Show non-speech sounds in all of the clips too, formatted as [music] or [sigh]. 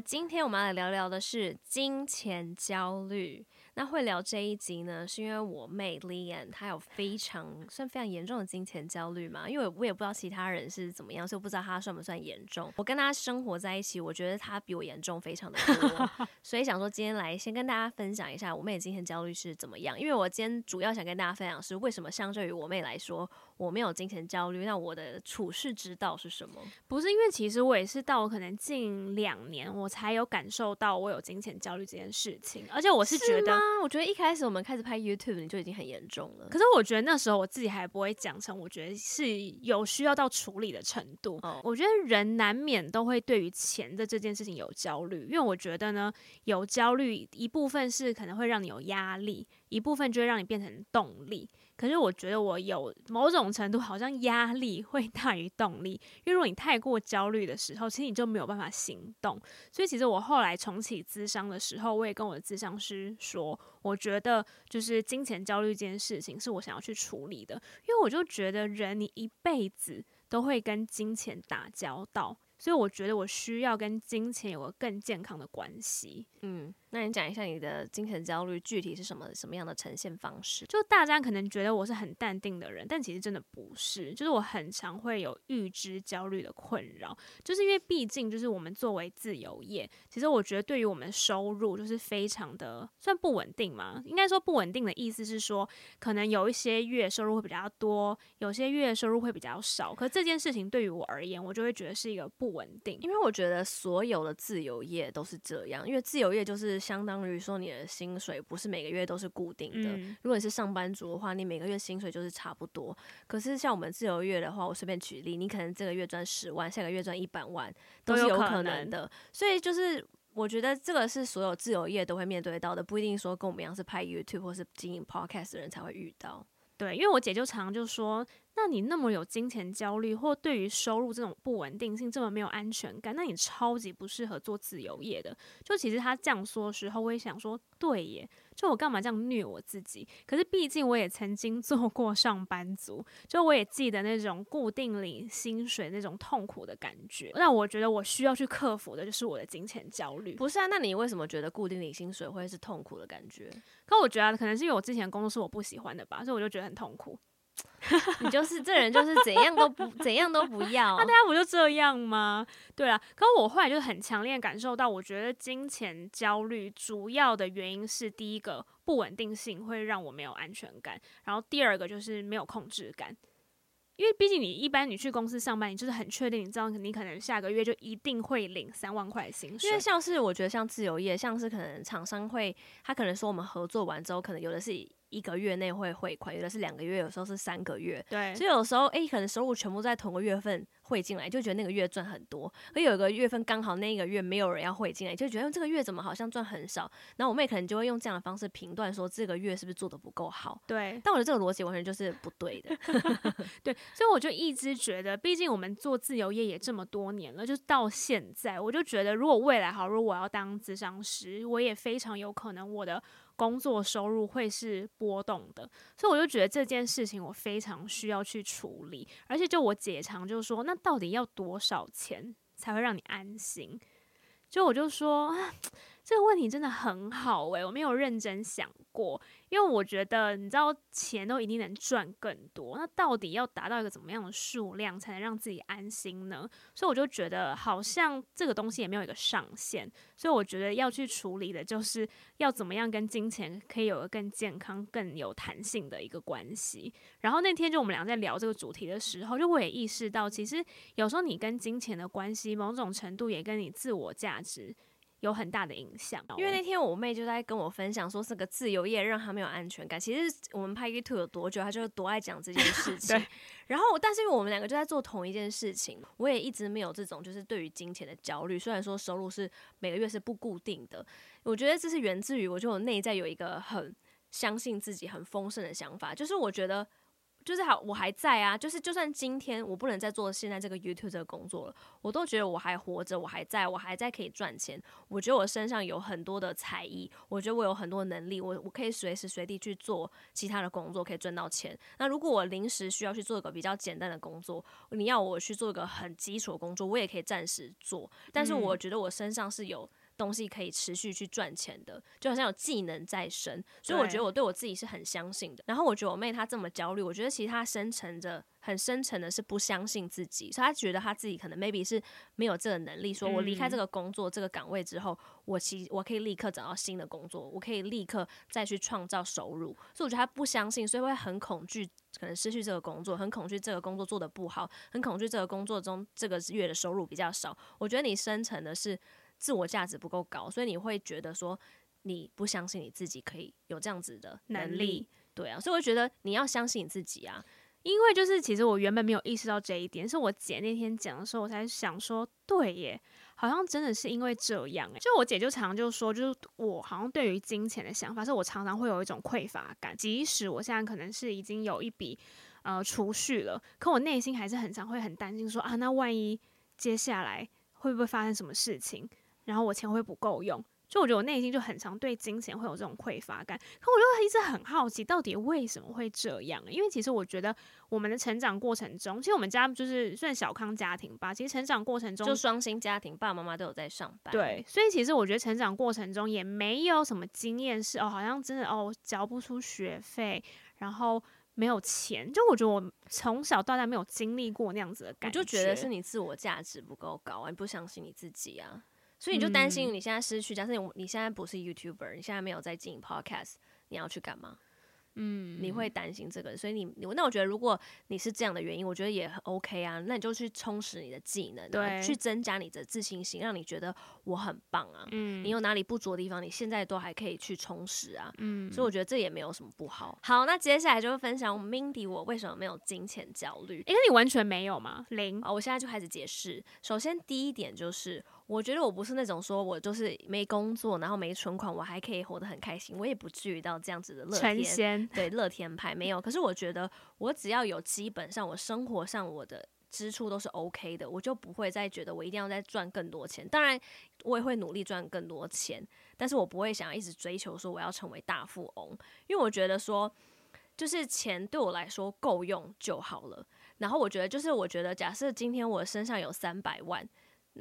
今天我們要來聊聊的是金錢焦慮。那會聊這一集呢，是因為我妹 Lianne 她有非常算非常嚴重的金錢焦慮嘛。因為我也不知道其他人是怎麼樣，所以我不知道她算不算嚴重。我跟她生活在一起，我覺得她比我嚴重非常的多， [laughs] 所以想說今天來先跟大家分享一下我妹的金錢焦慮是怎麼樣。因為我今天主要想跟大家分享是為什麼相對於我妹來說。我沒有金錢焦慮，那我的處事之道是什麼？不是因為其實我也是到可能近兩年我才有感受到我有金錢焦慮這件事情，而且我是覺得是，我覺得一開始我們開始拍 YouTube 你就已經很嚴重了。可是我覺得那時候我自己還不會講成，我覺得是有需要到處理的程度。嗯，我覺得人難免都會對於錢的這件事情有焦慮，因為我覺得呢，有焦慮一部分是可能會讓你有壓力，一部分就會讓你變成動力。可是我覺得我有某種程度好像壓力會大於動力，因為如果你太過焦慮的時候，其實你就沒有辦法行動。所以其實我後來重啟諮商的時候，我也跟我的諮商師說，我覺得就是金錢焦慮這件事情是我想要去處理的，因為我就覺得人你一輩子都會跟金錢打交道。所以我覺得我需要跟金錢有個更健康的關係。嗯，那你講一下你的金錢焦慮具體是什麼，什麼樣的呈現方式？就大家可能覺得我是很淡定的人，但其實真的不是。就是我很常會有預知焦慮的困擾，就是因為畢竟就是我們作為自由業，其實我覺得對於我們收入就是非常的算不穩定嘛。應該說不穩定的意思是說，可能有一些月收入會比較多，有些月收入會比較少。可這件事情對於我而言，我就會覺得是一個不。不穩定，因為我覺得所有的自由業都是這樣，因為自由業就是相當於說你的薪水不是每個月都是固定的，嗯。如果你是上班族的話，你每個月薪水就是差不多。可是像我們自由業的話，我隨便舉例，你可能這個月賺十萬，下個月賺一百萬都是有可能的，都有可能。所以就是我覺得這個是所有自由業都會面對到的，不一定說跟我們一樣是拍 YouTube 或是經營 Podcast 的人才會遇到。對，因為我姐就常就說。那你那麼有金錢焦慮，或對於收入這種不穩定性這麼沒有安全感，那你超級不適合做自由業的。就其實他這樣說的時候，我也想說，對耶，就我幹嘛這樣虐我自己？可是畢竟我也曾經做過上班族，就我也記得那種固定領薪水那種痛苦的感覺。那我覺得我需要去克服的就是我的金錢焦慮。不是啊，那你為什麼覺得固定領薪水會是痛苦的感覺？可我覺得啊，可能是因為我之前的工作是我不喜歡的吧，所以我就覺得很痛苦。 [laughs] 你就是 [laughs] 這人，就是怎樣都不 [laughs] 怎樣都不要，那大家不就這樣嗎？對啊，可我後來就很強烈感受到，我覺得金錢焦慮主要的原因是，第一個不穩定性會讓我沒有安全感，然後第二個就是沒有控制感。因為畢竟你一般你去公司上班，你就是很確定，你知道你可能下個月就一定會領三萬塊薪水。因為像是我覺得像自由業，像是可能廠商會，他可能說我們合作完之後，可能有的是。一個月內會匯款，有的是兩個月，有時候是三個月。對，所以有時候哎、欸，可能收入全部在同個月份匯進來，就覺得那個月賺很多；而有一個月份剛好那一個月沒有人要匯進來，就覺得這個月怎麼好像賺很少。那我我妹可能就會用這樣的方式評斷說這個月是不是做得不夠好。對，但我覺得這個邏輯完全就是不對的。 [laughs] [laughs] 對，所以我就一直覺得，畢竟我們做自由業也這麼多年了，就是到現在，我就覺得如果未來好，如果我要當諮商師，我也非常有可能我的。工作收入會是波動的，所以我就覺得這件事情我非常需要去處理，而且就我姐常就說，那到底要多少錢才會讓你安心？就我就說。這個問題真的很好誒，我沒有認真想過，因為我覺得你知道錢都一定能賺更多，那到底要達到一個怎麼樣的數量才能讓自己安心呢？所以我就覺得好像這個東西也沒有一個上限，所以我覺得要去處理的就是要怎麼樣跟金錢可以有個更健康、更有彈性的一個關係。然後那天就我們倆在聊這個主題的時候，就我也意識到，其實有時候你跟金錢的關係，某種程度也跟你自我價值有很大的影響，因為那天我妹就在跟我分享說，是個自由業讓他沒有安全感。其實我們拍 YouTube 有多久，他就多愛講這件事情 [laughs] 對。然後，但是因為我們兩個就在做同一件事情，我也一直沒有這種就是對於金錢的焦慮。雖然說收入是每個月是不固定的，我覺得這是源自於我就內在有一個很相信自己、很豐盛的想法，就是我覺得。就是好，我還在啊！就是就算今天我不能再做現在這個 YouTube 的工作了，我都覺得我還活着，我還在，我還在可以賺錢。我覺得我身上有很多的才藝，我覺得我有很多能力，我我可以隨時隨地去做其他的工作，可以賺到錢。那如果我臨時需要去做一個比較簡單的工作，你要我去做一個很基礎的工作，我也可以暫時做。但是我覺得我身上是有。東西可以持續去賺錢的，就好像有技能在身。所以我覺得我對我自己是很相信的。然後我覺得我妹她這麼焦慮，我覺得其實她深沉着很深層的是不相信自己，所以她覺得她自己可能 maybe 是沒有這個能力，說我離開這個工作、嗯、這個崗位之後，我其我可以立刻找到新的工作，我可以立刻再去創造收入。所以我覺得她不相信，所以會很恐懼，可能失去這個工作，很恐懼這個工作做得不好，很恐懼這個工作中這個月的收入比較少。我覺得你深層的是。自我價值不夠高，所以你會覺得說你不相信你自己可以有這樣子的能力，對啊，所以我覺得你要相信你自己啊，因為就是其實我原本沒有意識到這一點，是我姐那天講的時候，我才想說，對耶，好像真的是因為這樣哎，就我姐就常常就說，就是我好像對於金錢的想法，是我常常會有一種匱乏感，即使我現在可能是已經有一筆呃儲蓄了，可我內心還是很常會很擔心說啊，那萬一接下來會不會發生什麼事情？然後我錢會不夠用，就我覺得我內心就很常對金錢會有這種匱乏感。可我又一直很好奇，到底為什麼會這樣、欸？因為其實我覺得我們的成長過程中，其實我們家就是算小康家庭吧。其實成長過程中就雙薪家庭，爸爸媽媽都有在上班。對，所以其實我覺得成長過程中也沒有什麼經驗是哦，好像真的哦，交不出學費，然後沒有錢。就我覺得我從小到大沒有經歷過那樣子的感覺。就覺得是你自我價值不夠高，你不相信你自己啊。所以你就擔心你現在失去，嗯、假設你你現在不是 YouTuber，你現在沒有在經營 Podcast，你要去幹嘛？嗯，你會擔心這個。所以你，那我覺得如果你是這樣的原因，我覺得也很 OK 啊。那你就去充實你的技能，對，去增加你的自信心，讓你覺得我很棒啊。嗯，你有哪裡不足的地方，你現在都還可以去充實啊。嗯，所以我覺得這也沒有什麼不好。嗯、好，那接下來就會分享 Mindy 我為什麼沒有金錢焦慮，因、欸、為你完全沒有嗎？零。哦，我現在就開始解釋。首先第一點就是。我覺得我不是那種說我就是沒工作，然後沒存款，我還可以活得很開心，我也不至於到這樣子的樂天，對樂天派沒有。可是我覺得我只要有基本上我生活上我的支出都是 OK 的，我就不會再覺得我一定要再賺更多錢。當然我也會努力賺更多錢，但是我不會想要一直追求說我要成為大富翁，因為我覺得說就是錢對我來說夠用就好了。然後我覺得就是我覺得假設今天我身上有三百萬。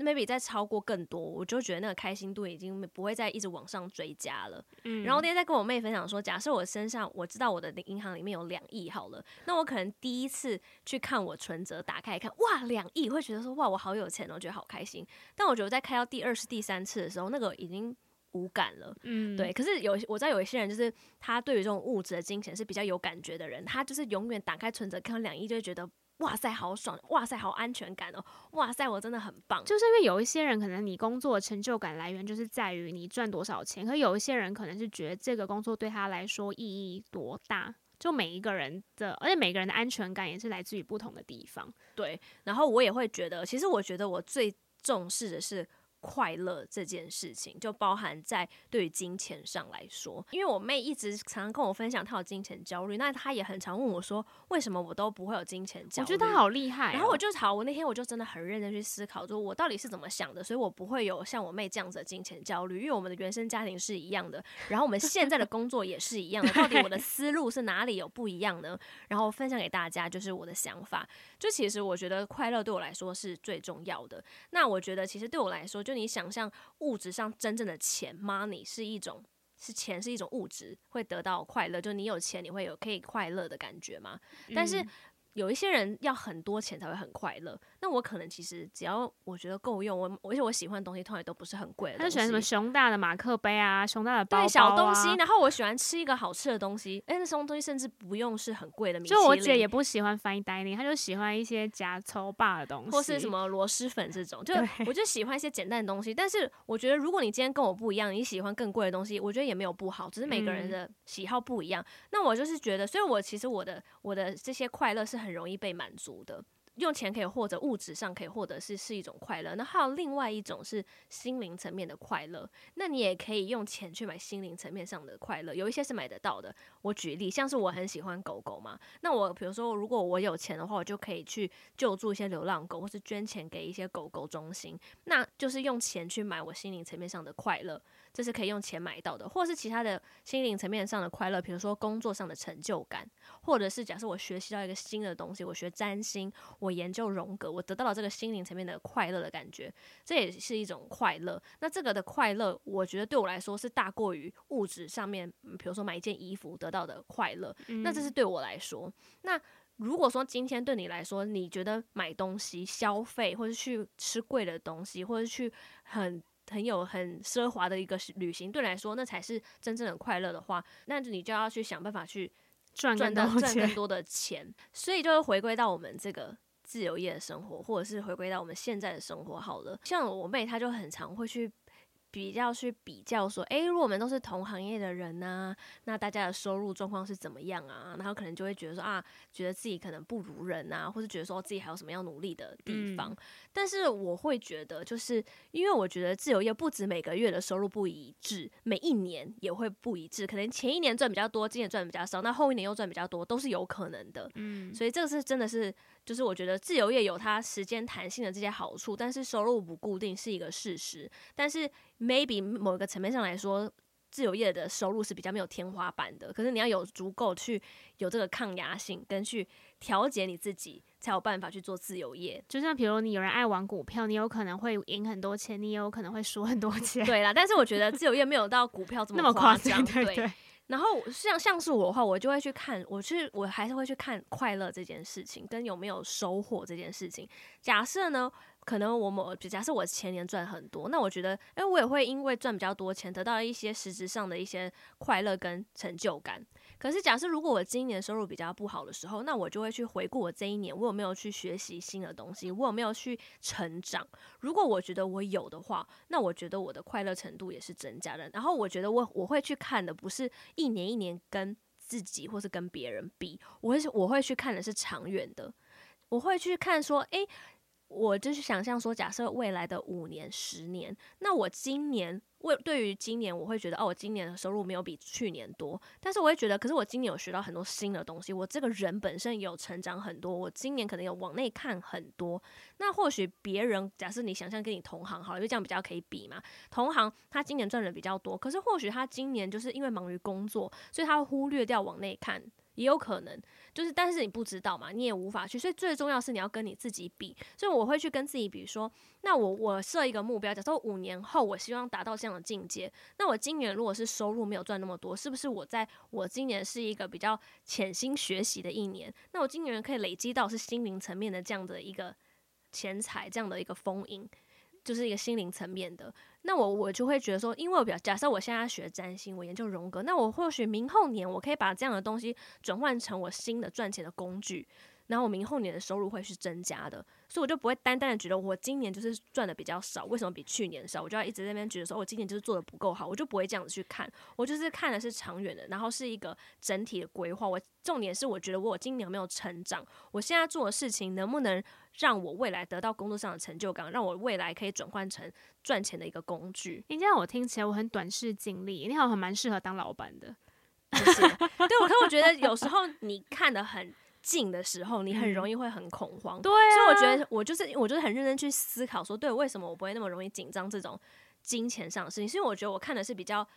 maybe 再超過更多，我就覺得那個開心度已經不會再一直往上追加了。嗯，然後那天在跟我妹分享說，假設我身上我知道我的銀行裡面有兩億好了，那我可能第一次去看我存折，打開一看，哇，兩億，會覺得說，哇，我好有錢哦，我覺得好開心。但我覺得在開到第二次、第三次的時候，那個已經無感了。嗯，對。可是有，我知道有一些人，就是他對於這種物質的金錢是比較有感覺的人，他就是永遠打開存折看到兩億，就會覺得。哇塞，好爽！哇塞，好安全感哦！哇塞，我真的很棒！就是因為有一些人，可能你工作成就感來源就是在於你賺多少錢，可是有一些人可能是覺得這個工作對他來說意義多大。就每一個人的，而且每個人的安全感也是來自於不同的地方。對，然後我也會覺得，其實我覺得我最重視的是。快樂這件事情，就包含在對於金錢上來說，因為我妹一直常常跟我分享她有金錢焦慮，那她也很常問我說，為什麼我都不會有金錢焦慮？我覺得她好厲害啊！然後我就好，我那天我就真的很認真去思考，說我到底是怎麼想的，所以我不會有像我妹這樣子的金錢焦慮，因為我們的原生家庭是一樣的，然後我們現在的工作也是一樣的， [laughs] 到底我的思路是哪裡有不一樣呢？ [laughs] 然後分享給大家就是我的想法。就其實我覺得快樂對我來說是最重要的。那我覺得其實對我來說，就你想象物質上真正的錢 （money） 是一種，是錢是一種物質，會得到快樂。就你有錢，你會有可以快樂的感覺嗎？嗯。但是。有一些人要很多錢才會很快樂，那我可能其實只要我覺得夠用，我而且我喜歡的東西通常也都不是很貴。他就喜歡什麼熊大的馬克杯啊，熊大的包包、啊、對小東西，然後我喜歡吃一個好吃的東西，哎、欸，那什麼東西甚至不用是很貴的。就我姐也不喜歡 fine dining，她就喜歡一些夾超霸的東西，或是什麼螺螄粉這種，就我就喜歡一些簡單的東西。但是我覺得，如果你今天跟我不一樣，你喜歡更貴的東西，我覺得也沒有不好，只是每個人的喜好不一樣。嗯、那我就是覺得，所以我其實我的我的這些快樂是很。很容易被滿足的，用錢可以獲得物質上可以獲得，是是一種快樂。那還有另外一種是心靈層面的快樂，那你也可以用錢去買心靈層面上的快樂。有一些是買得到的。我舉例，像是我很喜歡狗狗嘛，那我比如說如果我有錢的話，我就可以去救助一些流浪狗，或是捐錢給一些狗狗中心，那就是用錢去買我心靈層面上的快樂。這是可以用錢買到的，或者是其他的心靈層面上的快樂，比如說工作上的成就感，或者是假設我學習到一個新的東西，我學占星，我研究榮格，我得到了這個心靈層面的快樂的感覺，這也是一種快樂。那這個的快樂，我覺得對我來說是大過於物質上面，比如說買一件衣服得到的快樂。嗯。那這是對我來說。那如果說今天對你來說，你覺得買東西消費，或者去吃貴的東西，或者去很。很有很奢華的一個旅行，對來說那才是真正的快樂的話，那你就要去想辦法去賺賺到賺更多的錢，所以就會回歸到我們這個自由業的生活，或者是回歸到我們現在的生活好了。像我妹，她就很常會去。比較去比較說，誒，如果我們都是同行業的人呢，那大家的收入狀況是怎麼樣啊？然後可能就會覺得說啊，覺得自己可能不如人啊，或是覺得說自己還有什麼要努力的地方。嗯，但是我會覺得，就是因為我覺得自由業不止每個月的收入不一致，每一年也會不一致。可能前一年賺比較多，今年賺比較少，那後一年又賺比較多，都是有可能的。嗯，所以這個是真的是，就是我覺得自由業有它時間彈性的這些好處，但是收入不固定是一個事實，但是。maybe 某個層面上來說，自由業的收入是比較沒有天花板的。可是你要有足夠去有這個抗壓性，跟去調節你自己，才有辦法去做自由業。就像比如你有人愛玩股票，你有可能會贏很多錢，你也有可能會輸很多錢。 [laughs] 對啦，但是我覺得自由業沒有到股票這麼誇張。 [laughs] 那麼誇張，對，對對。然後像像是我的話，我就會去看，我去我還是會去看快樂這件事情，跟有沒有收穫這件事情。假設呢？可能我某比假設我前年賺很多，那我覺得，欸，因為，我也會因為賺比較多錢，得到一些實質上的一些快樂跟成就感。可是假設如果我今年收入比較不好的時候，那我就會去回顧我這一年，我有沒有去學習新的東西，我有沒有去成長。如果我覺得我有的話，那我覺得我的快樂程度也是增加的。然後我覺得我我會去看的不是一年一年跟自己或是跟別人比，我會我會去看的是長遠的，我會去看說，哎、欸。我就是想象說，假設未來的五年、十年，那我今年為對於今年，我會覺得哦，我今年的收入沒有比去年多，但是我會覺得，可是我今年有學到很多新的東西，我這個人本身有成長很多，我今年可能有往內看很多。那或許別人，假設你想象跟你同行好了，因為這樣比較可以比嘛，同行他今年賺的比較多，可是或許他今年就是因為忙於工作，所以他忽略掉往內看。也有可能，就是但是你不知道嘛，你也無法去，所以最重要是你要跟你自己比。所以我會去跟自己比如說，那我我設一個目標，假設五年後我希望達到這樣的境界。那我今年如果是收入沒有賺那麼多，是不是我在我今年是一個比較潛心學習的一年？那我今年可以累積到是心靈層面的這樣的一個錢財，這樣的一個豐盈，就是一個心靈層面的。那我我就會覺得說，因為我比較，假設我現在要學占星，我研究榮格，那我或許明後年我可以把這樣的東西轉換成我新的賺錢的工具。然後我明後年的收入會是增加的，所以我就不會單單的覺得我今年就是賺的比較少，為什麼比去年少？我就要一直在那邊覺得說，我今年就是做的不夠好，我就不會這樣子去看，我就是看的是長遠的，然後是一個整體的規劃。我重點是我覺得我今年有沒有成長，我現在做的事情能不能讓我未來得到工作上的成就感，讓我未來可以轉換成賺錢的一個工具。你這樣我聽起來我很短視近利，你好像蠻適合當老闆的，就 [laughs] 是？對，我，但我覺得有時候你看的很。近的時候，你很容易會很恐慌，對。所以我覺得我就是我就是很認真去思考說，對，為什麼我不會那麼容易緊張這種金錢上的事情？是因為我覺得我看的是比較。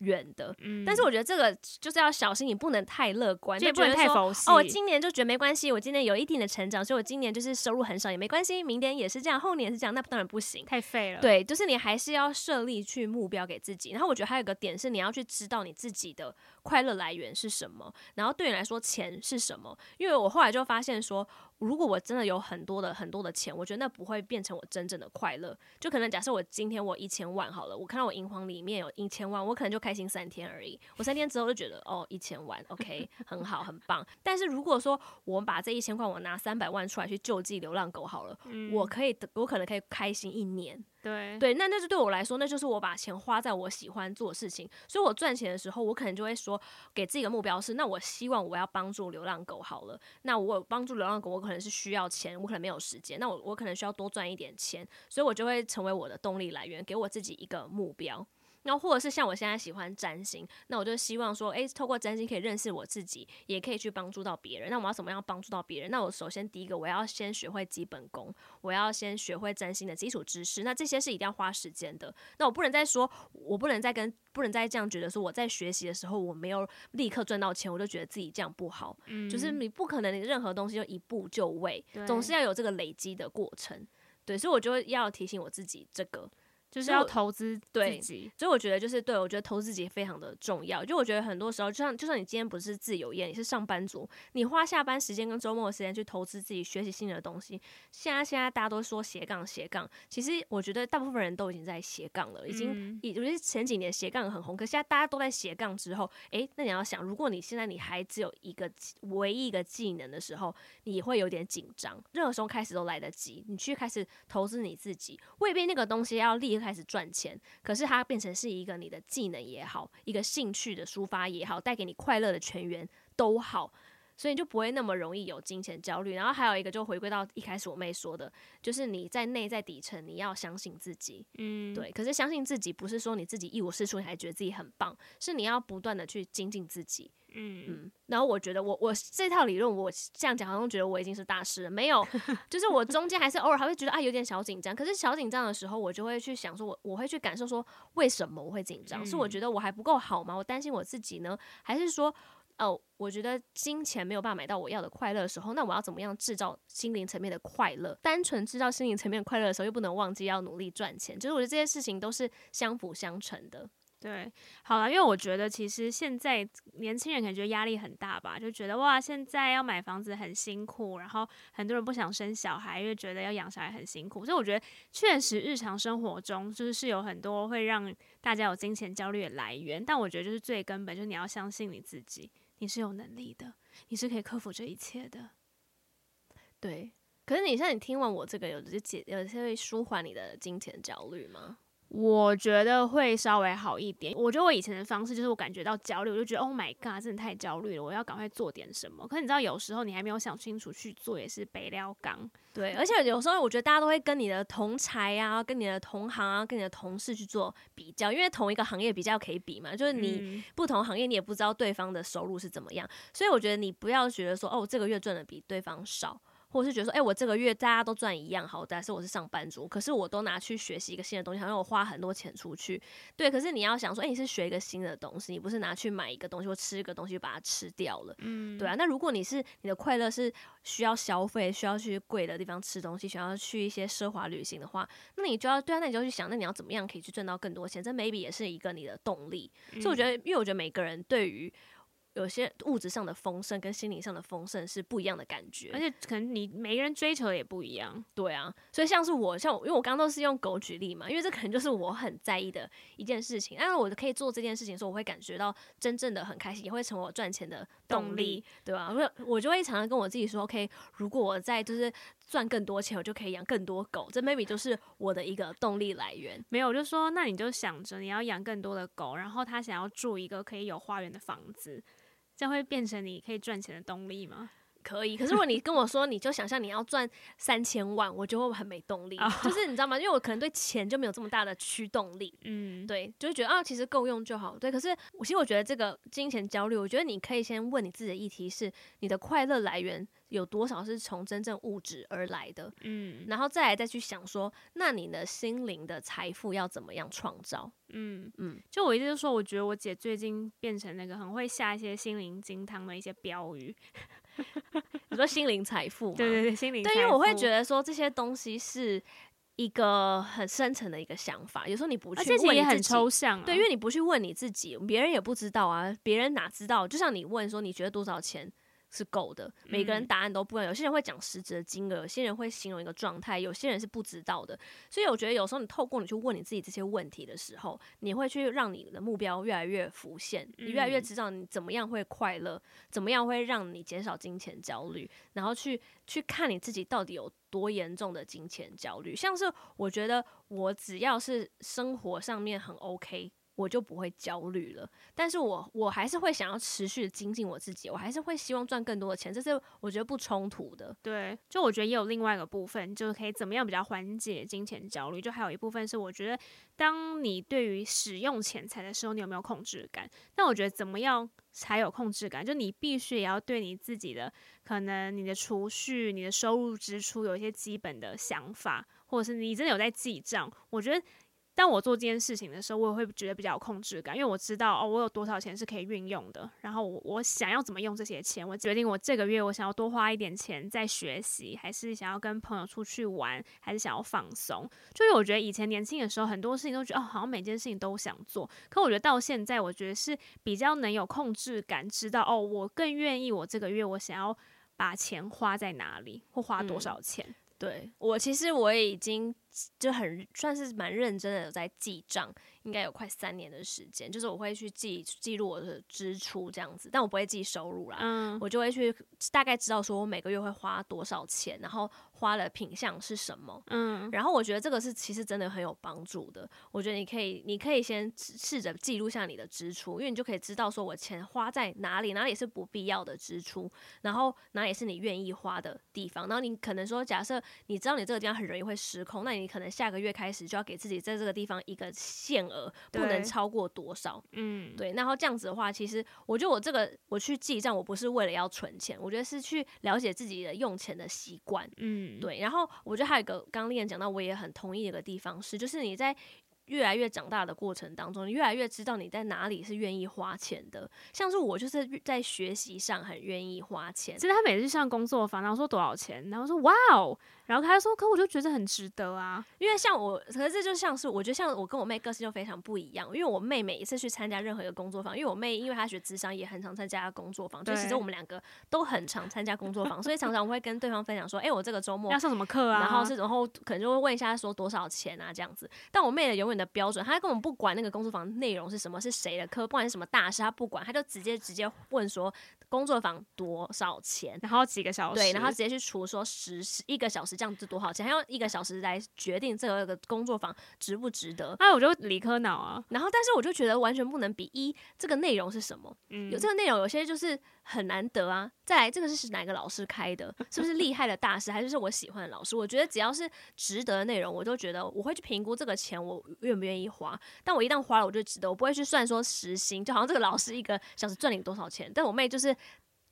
遠的，嗯，但是我覺得這個就是要小心，你不能太樂觀，就也不能太佛系。哦，我今年就覺得沒關係，我今年有一定的成長，所以我今年就是收入很少也沒關係，明年也是這樣，後年也是這樣，那當然不行，太廢了。對，就是你還是要設立去目標給自己。然後我覺得還有一個點是，你要去知道你自己的快樂來源是什麼，然後對你來說錢是什麼。因為我後來就發現說。如果我真的有很多的很多的錢，我覺得那不會變成我真正的快樂。就可能假設我今天我一千萬好了，我看到我銀行裡面有一千萬，我可能就開心三天而已。我三天之後就覺得 [laughs] 哦，一千萬，OK， [laughs] 很好，很棒。但是如果說我把這一千塊，我拿三百萬出來去救濟流浪狗好了，嗯，我可以，我可能可以開心一年。對對，那那就對我來說，那就是我把錢花在我喜歡做的事情，所以我賺錢的時候，我可能就會說，給自己的目標是，那我希望我要幫助流浪狗好了。那我幫助流浪狗，我可能是需要錢，我可能沒有時間，那我我可能需要多賺一點錢，所以我就會成為我的動力來源，給我自己一個目標。那或者是像我現在喜歡占星，那我就希望說，欸，透過占星可以認識我自己，也可以去幫助到別人。那我要怎麼樣幫助到別人？那我首先第一個，我要先學會基本功，我要先學會占星的基礎知識。那這些是一定要花時間的。那我不能再說，我不能再跟，不能再這樣覺得說我在學習的時候我沒有立刻賺到錢，我就覺得自己這樣不好。嗯，就是你不可能你任何東西就一步就位，總是要有這個累積的過程。對，所以我就要提醒我自己這個。就是要投資自己，就是自己對，所以我覺得就是對，我覺得投資自己非常的重要。就我覺得很多時候，就算就算你今天不是自由業，你是上班族，你花下班時間跟周末的時間去投資自己，學習新的東西。現在現在大家都說斜槓斜槓，其實我覺得大部分人都已經在斜槓了，已經。我覺得前幾年斜槓很紅，可是現在大家都在斜槓之後，誒、欸，那你要想，如果你現在你還只有一個唯一一個技能的時候，你會有點緊張。任何時候開始都來得及，你去開始投資你自己，未必那個東西要立。開始賺錢，可是它變成是一個你的技能也好，一個興趣的抒發也好，帶給你快樂的泉源都好。所以你就不會那麼容易有金錢焦慮，然後還有一個就回歸到一開始我妹說的，就是你在內在底層，你要相信自己，嗯，對。可是相信自己不是說你自己一無是處，你還覺得自己很棒，是你要不斷的去精進自己，嗯嗯。然後我覺得我我這套理論，我這樣講好像覺得我已經是大師了，沒有， [laughs] 就是我中間還是偶爾還會覺得啊有點小緊張。可是小緊張的時候，我就會去想說我我會去感受說，為什麼我會緊張？是、嗯、我覺得我還不夠好嗎？我擔心我自己呢，還是說？哦，我覺得金錢沒有辦法買到我要的快樂的時候，那我要怎麼樣制造心靈層面的快樂？單純制造心靈層面的快樂的時候，又不能忘記要努力賺錢。就是我覺得這些事情都是相輔相成的。對，好了，因為我覺得其實現在年輕人感覺壓力很大吧，就覺得哇，現在要買房子很辛苦，然後很多人不想生小孩，又覺得要養小孩很辛苦。所以我覺得確實日常生活中就是有很多會讓大家有金錢焦慮的來源。但我覺得就是最根本，就是你要相信你自己。你是有能力的，你是可以克服這一切的。對，可是你現在你聽完我這個，有的就解，有些會舒緩你的金錢焦慮嗎？我覺得會稍微好一點。我覺得我以前的方式就是，我感覺到焦慮，我就覺得，Oh my god，真的太焦慮了，我要趕快做點什麼。可是你知道，有時候你還沒有想清楚去做，也是白了工。對，而且有時候我覺得大家都會跟你的同才啊、跟你的同行啊、跟你的同事去做比較，因為同一個行業比較可以比嘛。就是你不同行業，你也不知道對方的收入是怎麼樣。嗯，所以我覺得你不要覺得說，哦，這個月賺的比對方少。或是覺得說，哎、欸，我這個月大家都賺一樣好，但是我是上班族，可是我都拿去學習一個新的東西，好像我花很多錢出去。對，可是你要想說，哎、欸，你是學一個新的東西，你不是拿去買一個東西或吃一個東西把它吃掉了，嗯，對啊。那如果你是你的快樂是需要消費，需要去貴的地方吃東西，需要去一些奢華旅行的話，那你就要對啊，那你就去想，那你要怎麼樣可以去賺到更多錢？這 maybe 也是一個你的動力、嗯。所以我覺得，因為我覺得每個人對於有些物質上的豐盛跟心靈上的豐盛是不一樣的感覺，而且可能你每個人追求也不一樣。對啊，所以像是我，像我，因為我剛剛都是用狗舉例嘛，因為這可能就是我很在意的一件事情。但是我就可以做這件事情的時候，我會感覺到真正的很開心，也會成為我賺錢的動力，動力對吧？對啊？我我就會常常跟我自己說：“OK，如果我在就是。”賺更多錢，我就可以養更多狗。這 maybe 就是我的一個動力來源。沒有，我就說，那你就想着你要養更多的狗，然後他想要住一個可以有花園的房子，這樣會變成你可以賺錢的動力嗎？可以。可是如果你跟我說， [laughs] 你就想象你要賺三千萬，我就會很沒動力。Oh. 就是你知道嗎？因為我可能對錢就沒有這麼大的驅動力。嗯，對，就是覺得啊，其實夠用就好。對，可是我其實我覺得這個金錢焦慮，我覺得你可以先問你自己的議題是你的快樂來源。有多少是從真正物質而來的？嗯，然後再來再去想說，那你的心靈的財富要怎麼樣創造？嗯嗯。就我意思是說，我覺得我姐最近變成那個很會下一些心靈雞湯的一些標語。 [laughs] 你說心靈財富？對對對，心靈。對，因為我會覺得說，這些東西是一個很深層的一個想法。有時候你不去問你自己，而且也很抽象啊。對，因為你不去問你自己，別人也不知道啊，別人哪知道？就像你問說，你覺得多少錢？是夠的，每個人答案都不一樣。有些人會講實質的金額，有些人會形容一個狀態，有些人是不知道的。所以我覺得有時候你透過你去問你自己這些問題的時候，你會去讓你的目標越來越浮現，你越來越知道你怎麼樣會快樂，怎麼樣會讓你減少金錢焦慮，然後去去看你自己到底有多嚴重的金錢焦慮。像是我覺得我只要是生活上面很 OK。我就不會焦慮了，但是我我還是會想要持續的精進我自己，我還是會希望賺更多的錢，這是我覺得不衝突的。對，就我覺得也有另外一個部分，就是可以怎麼樣比較緩解金錢焦慮，就還有一部分是我覺得，當你對於使用錢財的時候，你有沒有控制感？那我覺得怎麼樣才有控制感？就你必須也要對你自己的可能你的儲蓄、你的收入支出有一些基本的想法，或者是你真的有在記賬，我覺得。當我做這件事情的時候，我也會覺得比較有控制感，因為我知道哦，我有多少錢是可以運用的，然後我我想要怎麼用這些錢，我決定我這個月我想要多花一點錢在學習，還是想要跟朋友出去玩，還是想要放鬆。就是我覺得以前年輕的時候，很多事情都覺得哦，好像每件事情都想做，可我覺得到現在，我覺得是比較能有控制感，知道哦，我更願意我這個月我想要把錢花在哪裡，或花多少錢。嗯，對。我其實我已經。就很算是蠻認真的在記賬，應該有快三年的時間，就是我會去記記錄我的支出這樣子，但我不會記收入啦，嗯，我就會去大概知道說我每個月會花多少錢，然後花的品項是什麼，嗯，然後我覺得這個是其實真的很有幫助的，我覺得你可以你可以先試着記錄下你的支出，因為你就可以知道說我錢花在哪裡，哪裡是不必要的支出，然後哪裡是你願意花的地方，然後你可能說假設你知道你這個地方很容易會失控，那你可能下個月開始就要給自己在這個地方一個限額，不能超過多少？嗯，對。然後這樣子的話，其實我覺得我這個我去記賬，我不是為了要存錢，我覺得是去了解自己的用錢的習慣。嗯，對。然後我覺得還有一個，剛剛 Lianne 講到，我也很同意的一個地方是，就是你在越來越長大的過程當中，你越來越知道你在哪裡是願意花錢的。像是我，就是在學習上很願意花錢。其實他每次上工作坊，然後說多少錢，然後我說哇哦。然後他說：“可我就覺得很值得啊，因為像我，可是這就像是我覺得像我跟我妹個性就非常不一樣。因為我妹每一次去參加任何一個工作坊，因為我妹因為她學諮商，也很常參加工作坊。就其實我們兩個都很常參加工作坊， [laughs] 所以常常我會跟對方分享說：哎、欸，我這個周末要上什麼課啊？然後是然後可能就會問一下說多少錢啊這樣子。但我妹的永遠的標準，她根本不管那個工作坊內容是什麼，是誰的課，不管是什麼大師，她不管，她就直接直接問說。”工作坊多少錢？然後幾個小時？對，然後直接去除說十一個小時這樣子多少錢？還要一個小時來決定這個工作坊值不值得？哎、啊，我就理科腦啊。然後，但是我就覺得完全不能比一這個內容是什麼？嗯，有這個內容，有些就是。很難得啊！再來，這個是是哪個老師開的？是不是厲害的大師， [laughs] 還是是我喜歡的老師？我覺得只要是值得的內容，我都覺得我會去評估這個錢，我願不願意花。但我一旦花了，我就值得。我不會去算說時薪，就好像這個老師一個小時賺你多少錢。但我妹就是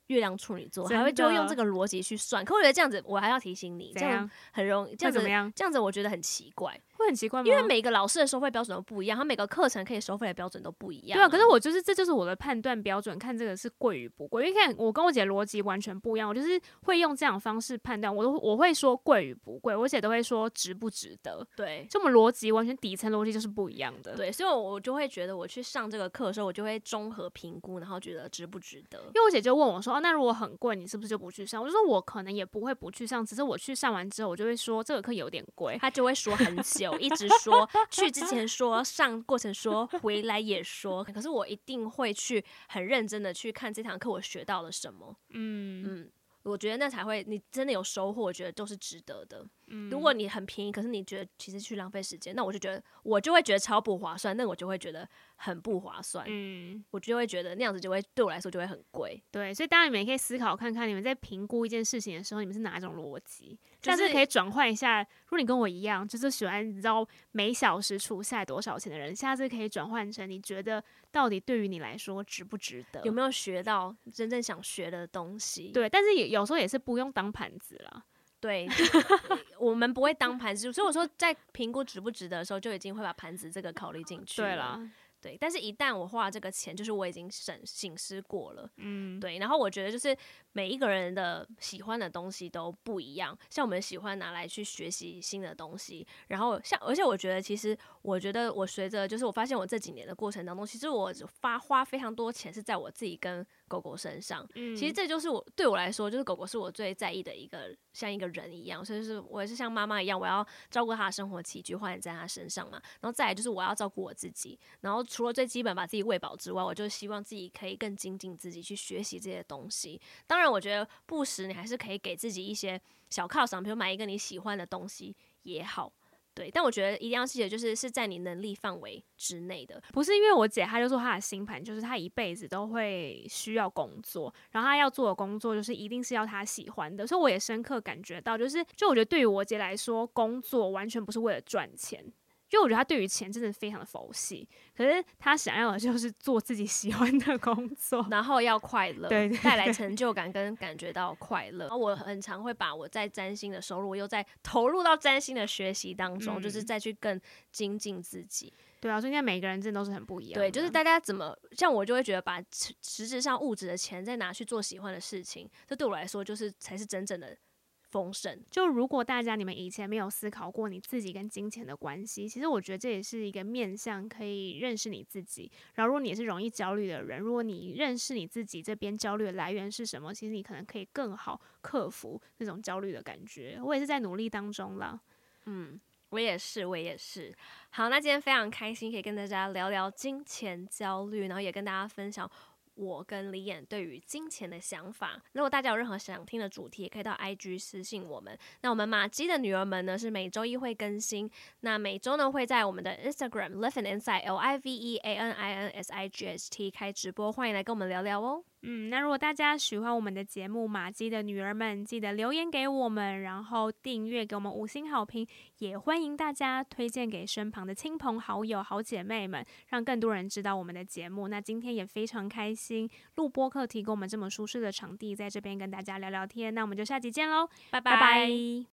月亮處女座，還會就用這個邏輯去算。可我覺得這樣子，我還要提醒你，這樣很容易，這樣子，這樣子怎麼樣？這樣子我覺得很奇怪。會很奇怪嗎？因為每一個老師的收費標準都不一樣，他每個課程可以收費的標準都不一樣、啊。對、啊，可是我就是這就是我的判斷標準，看這個是貴與不貴。因為看我跟我姐邏輯完全不一樣，我就是會用這樣的方式判斷，我都我會說貴與不貴，我姐都會說值不值得。對，就我們邏輯完全底層邏輯就是不一樣的。對，所以我我就會覺得我去上這個課的時候，我就會綜合評估，然後覺得值不值得。因為我姐就問我說：“哦、啊，那如果很貴，你是不是就不去上？”我就說：“我可能也不會不去上，只是我去上完之後，我就會說這個課有點貴。”她就會說：“很久。 [laughs] ”我一直說，去之前說，上過程說，回來也說。可是我一定會去很認真的去看這堂課，我學到了什麼。嗯嗯，我覺得那才會你真的有收穫，我覺得都是值得的。如果你很便宜，嗯，可是你覺得其實去浪費時間，那我就覺得我就會覺得超不划算，那我就會覺得很不划算。嗯，我就會覺得那樣子就會對我來說就會很貴。對，所以當然你們也可以思考看看，你們在評估一件事情的時候，你們是哪一種邏輯，就是？下次可以轉換一下，如果你跟我一樣，就是喜歡你知道每小時除下來多少錢的人，下次可以轉換成你覺得到底對於你來說值不值得？有沒有學到真正想學的東西？對，但是也有時候也是不用當盤子了。 [laughs] 對，對，對，我們不會當盤子，所以我說在評估值不值得的時候，就已經會把盤子這個考慮進去。 [laughs] 對了，對，但是一旦我花了這個錢，就是我已經省，省思過了。嗯，對。然後我覺得就是每一個人的喜歡的東西都不一樣，像我們喜歡拿來去學習新的東西，然後像而且我覺得其實我覺得我隨着就是我發現我這幾年的過程當中，其實我發花非常多錢是在我自己跟。狗狗身上，其實這就是我對我來說，就是狗狗是我最在意的一個，像一個人一樣，所以是我也是像媽媽一樣，我要照顧它的生活起居，花在它身上嘛。然後再來就是我要照顧我自己，然後除了最基本把自己餵飽之外，我就希望自己可以更精進自己去學習這些東西。當然，我覺得不時你還是可以給自己一些小犒賞，比如買一個你喜歡的東西也好。對，但我覺得一定要記得，就是是在你能力範圍之內的，不是因為我姐，她就做她的星盤，就是她一輩子都會需要工作，然後她要做的工作就是一定是要她喜歡的，所以我也深刻感覺到，就是就我覺得對於我姐來說，工作完全不是為了賺錢。因為我覺得他對於錢真的非常的佛系，可是他想要的就是做自己喜歡的工作，然後要快樂，對，對，帶來成就感跟感覺到快樂。然後我很常會把我在占星的收入又再投入到占星的學習當中，嗯，就是再去更精進自己。對啊，所以應該每個人真的都是很不一樣的。對，就是大家怎麼，像我就會覺得把實質上物質的錢再拿去做喜歡的事情，這對我來說就是才是真正的豐盛，就如果大家你們以前沒有思考過你自己跟金錢的關係，其實我覺得這也是一個面向可以認識你自己。然後，如果你也是容易焦慮的人，如果你認識你自己這邊焦慮的來源是什麼，其實你可能可以更好克服那種焦慮的感覺。我也是在努力當中了。嗯，我也是，我也是。好，那今天非常開心可以跟大家聊聊金錢焦慮，然後也跟大家分享。我跟李演對於金錢的想法，如果大家有任何想聽的主題，也可以到 IG 私信我們。那我們馬姬的女兒們呢，是每周一會更新。那每周呢，會在我們的 Instagram Live and i n s i d e l I V E A N I N S I G H T） 開直播，歡迎來跟我們聊聊哦。嗯，那如果大家喜歡我們的節目《馬姬的女兒們》，記得留言給我們，然後訂閱給我們五星好評，也歡迎大家推薦給身旁的親朋好友、好姐妹們，讓更多人知道我們的節目。那今天也非常開心錄播客，提供我們這麼舒適的場地，在這邊跟大家聊聊天。那我們就下集見嘍，拜拜。Bye bye